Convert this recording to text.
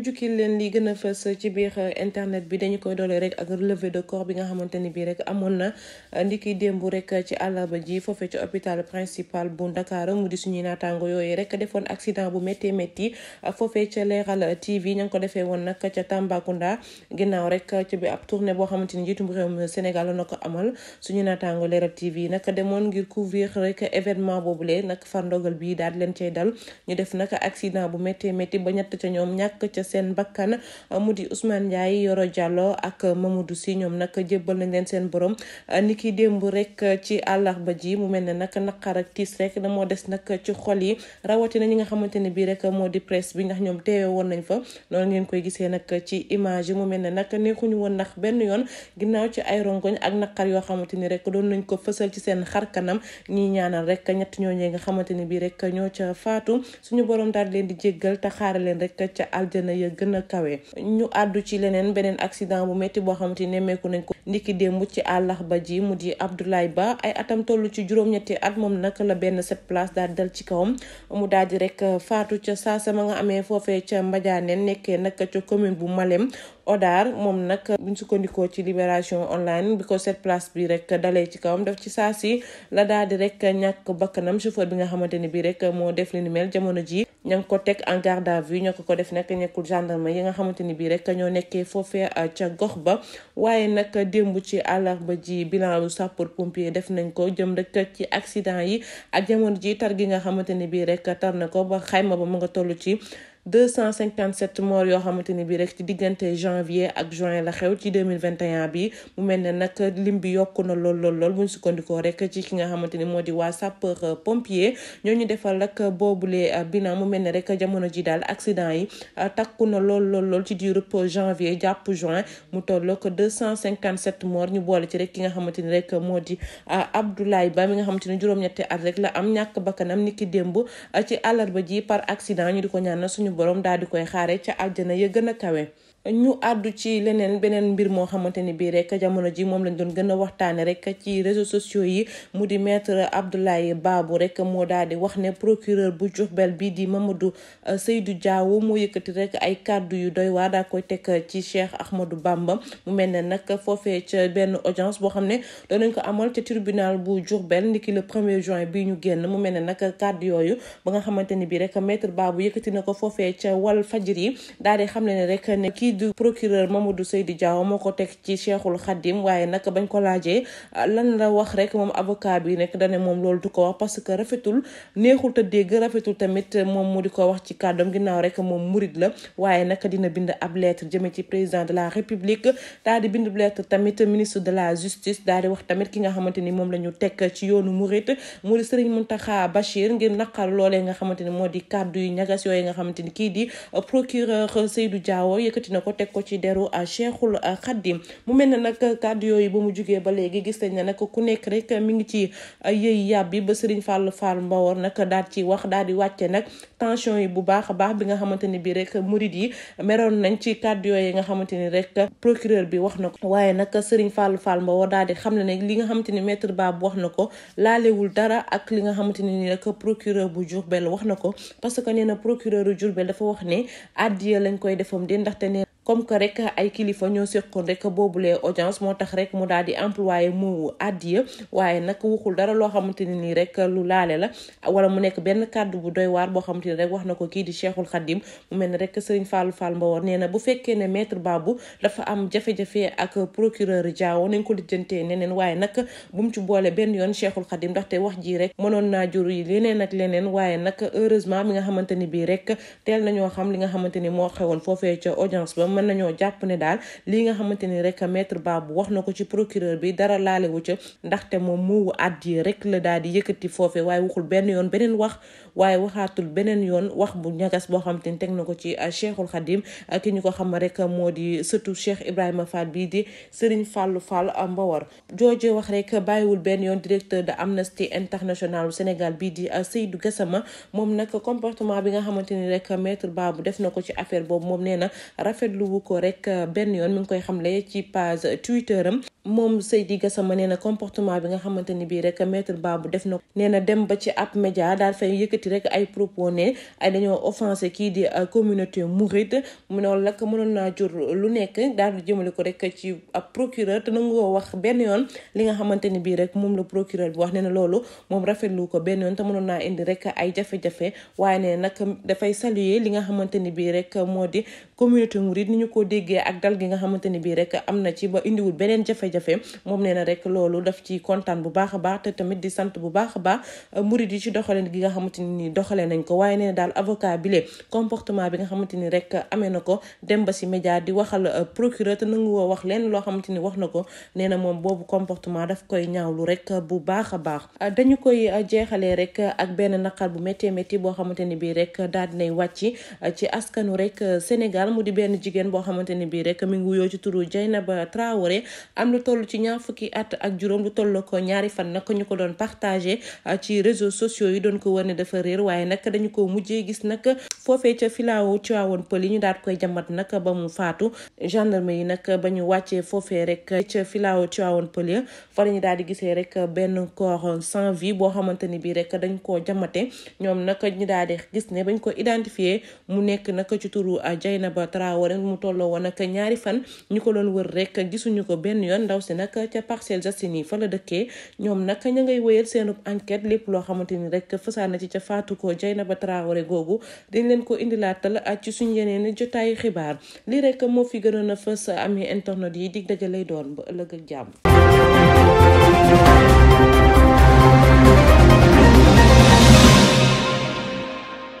ñu jukkil leen li gën a fës ci biir euh, internet bi dañu koy doole rek ak levée de corps bi nga xamante ni bii rek amoon na euh, ndiki démb rek ci àllarba ji foofe ci hôpital principal bu Dakar mu di suñuy naataango yooyu rek bu métti métti euh, foofe ca Leral TV ña ngi ko defee woon nag ca Tambacounda ginnaaw rek ci bi ab tournée boo xamante ni jiitum réewum Sénégal na ko amal suñu naataango Leral TV nag demoon ngir couvrir rek événement boobule nag far ndogal bi daal leen cay dal ñu def nag accident bu métti métti ba ñett ca ñoom seen bakkan mu di Ousmane Ndiaye Yoro Diallo ak Mamadou Sy ñoom nag jébbal nañ leen seen borom ni ki démb rek ci àllarba ji mu mel ne nag naqar ak tiis rek da moo des nag ci xol yi rawatina ñi nga xamante ne bii rek moo di presse bi ndax ñoom teewe woon nañ fa noonu ngeen koy gisee nag ci image yi mu mel ne nag neexuñu woon ndax benn yoon ginnaaw ci ay rongoñ ak naqar yoo xamante ni rek doon nañ ko fësal ci seen xar kanam ñiy ñaanal rek ñett ñooñee nga xamante ne bii rek ñoo ca faatu suñu borom daal leen di jéggal te xaare ya gën a kawe ñu àddu ci leneen beneen accident bu métti boo xamante ni nemmeeku nañ ko ndiki démb ci àllax ba ji mu di Abdoulaye Ba ay atam toll ci juróom-ñetti at moom nag la benn sept place daal dal ci kawam mu daal ji rek faatu ca saasa ma nga amee foofee ca Mbadiane nekkee nag ca commune bu maleem Odar moom nag buñ sukkandikoo ci libération online bi ko set place bi rek dalee ci kawam daf ci saa si la daal di rek ñàkk bakkanam chauffeur bi nga xamante ni bii rek moo def li ni mel jamono ji ña ngi ko teg en garde à ñoo ko ko def nag ñekkul gendarme yi nga xamante ni bii rek ñoo nekkee foofee euh, ca gox ba waaye nag démb ci àllarba ji bilan bu sapeur pompier def nañ ko jëm rek ci accident yi ak jamono ji tar gi nga xamante ni bii rek tar na ko ba xayma ba mu nga toll ci 257 morts yoo xamante ni bi rek ci diggante janvier ak juin la xew ci 2021 bi mu mel ne nag lim bi yokk na lool lool lool buñ sukkandikoo rek ci ki nga xamante ni moo di waa sapeur pompier ñoo ñu defal ak boobulee euh, bilan mu mel ne rek jamono ji daal accident yi euh, takku na lool lool lool ci diirub janvier jàpp juin mu tolloog 257 morts ñu boole ci rek ki nga xamante ni rek moo di euh, Abdoulaye Ba mi nga xamante ni juróom-ñetti at rek la am ñàkk bakkanam niki démb ci àllarba par accident ñu di ko ñaan suñu borom di koy xaare ca àjjana ya gën a kawe ñu àddu ci leneen beneen mbir moo xamante ni bii rek jamono ji moom lañ doon gën a waxtaane rek ci réseaux sociaux yi mu di maître Abdoulaye baabu rek moo daal di wax ne procureur bu Diourbel bi di Mamadou euh, Seydou Diawo moo yëkkati rek ay kàddu yu doy waa daa koy teg ci Cheikh Ahmadou bambam mu mel ne nag foofe ca benn audience boo xam ne danañ ko amal ca tribunal bu Diourbel ndiki le premier juin bi ñu génn mu mel ne nag kàddu yooyu foofee ca wal fajri daal di xam ne ne rek ne kii du procureur Mamadou Seydou Diaw moo ko teg ci Cheikhul Khadim waaye nag bañ ko lan la wax rek moom avocat bi nekk dane moom loolu du ko wax parce que rafetul neexul te dégg rafetul tamit moom mu di ko wax ci kàddoom ginnaaw rek moom murid la waaye nag dina bind ab lettre jëme ci président de la république daal di bind lettre tamit ministre de la justice daal di wax tamit ki nga xamante moom la ñu teg ci yoonu murid di Serigne Mountakha Bachir ngir naqar loolee nga xamante ni moo di kii di euh, procureur Seydou Diawo yëkkati na ko teg ko ci deru euh, Cheikhul Khadim mu mel na nag kàddu yi ba mu jógee ba léegi gis nañ ne nag ku nekk rek mi ngi ci euh, yëy yàbbi ba Serigne fàll Fall Mbawor nag daal ci wax daal di wàcce nag tension yi bu baax a baax bi nga xamante ni bii rek murid yi meroon nañ ci kàddu yi nga xamante ni rek procureur bi wax na ko waaye nag Serigne Fall Fall Mbawor daal di xam ne ne li nga xamante ni maître Babou wax na ko laalewul dara ak li nga xamante ni rek procureur bu Diourbel wax na ko Diourbel dafa wax ne addiya lañ koy defam de ndaxte ne comme que rek ay kilifa ñoo seqoon rek boobulee audience moo tax rek mu daal di employé mu addiya waaye nag waxul dara loo xamante ne nii rek lu laale la wala mu nekk benn kàddu bu doy waar boo xamante ni rek wax na ko kii di Cheikhul Khadim mu mel ne rek Serigne Fallou Fall Mbaor nee na bu fekkee ne maître Babou dafa am jafe-jafe ak procureur Diao nañ ko lijjantee neneen waaye nag bu mu ci boole benn yoon Cheikhul Khadim ndaxte wax ji rek mënoon naa jur yi leneen ak leneen waaye nag heureusement bi nga xamante ni bii rek teel nañoo xam li nga xamante ni moo xewoon foofee ca audience ba mën nañoo jàpp ne daal lii nga xamante ni rek baa bu wax na ko ci procureur bi dara laale wu ca ndaxte moom muwu at yi rek la daal di yëkkati foofe waaye waxul benn yoon beneen wax waaye waxaatul beneen yoon wax bu ñagas boo xamante ni teg na ko ci euh, Cheikhul Khadim euh, ki ñu ko xam rek moo di surtout Cheikh Ibrahima Fall bii di Serigne Fallou Fall euh, Mbawar jooje wax rek bàyyiwul benn yoon directeur de Amnesty International Sénégal bii di Seydou Gassama moom nag comportement bi nga xamante ni rek maître Babou def na ko ci affaire boobu moom nee na rafetluwu ko rek euh, benn yoon mi ngi koy xamle ci page Twitter am moom Seydi Gassama nee na comportement bi nga xamante ni bii rek maître Babou def na nee na dem ba ci ab média daal fay yëkkati rek ay propos ne ay dañoo kii di euh, communauté mouride mu noonu lak mënoon naa jur lu nekk daal di jëmale ko rek ci ab procureur te nangoo wax benn yoon li nga xamante ni bii rek moom la procureur bi wax nee na loolu moom rafetlu ko benn yoon te mënoon naa indi rek ay jafe-jafe waaye nee nag dafay saluer li nga xamante ni bii rek moo di communauté mouride ni ñu ko déggee ak dal gi nga xamante ni bii rek am na ci ba indiwul beneen jafe-jafe moom nee na rek loolu daf ci kontaan bu baax a baax te tamit di sant bu baax a baax murid yi ci doxaleen gi nga xamante ni doxalee nañ ko waaye nee na daal bi lee comportement bi nga xamante ni rek amee na dem ba si média di waxal euh, procureur te wax leen loo xamante ni wax na ko nee na moom boobu comportement daf koy ñaawlu rek bu baax a baax dañu koy euh, jeexalee rek ak benn naqar bu méttee métti boo xamante ni bii rek daal dinay wàcc ci askanu rek euh, Sénégal mu di benn jigéen jigéen boo xamante ni bii rek mi ngi wuyoo ci turu Dieynaba Traoré am lu toll ci ñaar fukki at ak juróom lu toll ko ñaari fan nag ñu ko doon partagé ah, ci réseaux sociaux yi doon ko wane dafa réer waaye nag dañu ko mujjee gis nag foofee ca filaawu Tiwaawoon pël yi ñu daal koy jamat nag ba mu faatu gendarme yi nag ba ñu wàccee foofee rek ca filaawu Tiwaawoon pël ya fa la daal di gisee rek benn corps sans vie boo xamante ni bii rek dañ koo jamate ñoom nag ñu daal di ko identifié mu tolloo woon ak ñaari fan ñu ko doon wër rek gisuñu ko benn yoon ndaw si nag ca parcelle Assainies fa la dëkkee ñoom nag ña ngay wëyal seenub enquête lépp loo xamante ni rek fasaan ci ca faatu ko ba Traoré googu dañ leen ko indilaatal ci suñu yeneen jotaayu xibaar lii rek moo fi gënoon a fës am internet yi dig daja lay doon ba ëllëg ak jàmm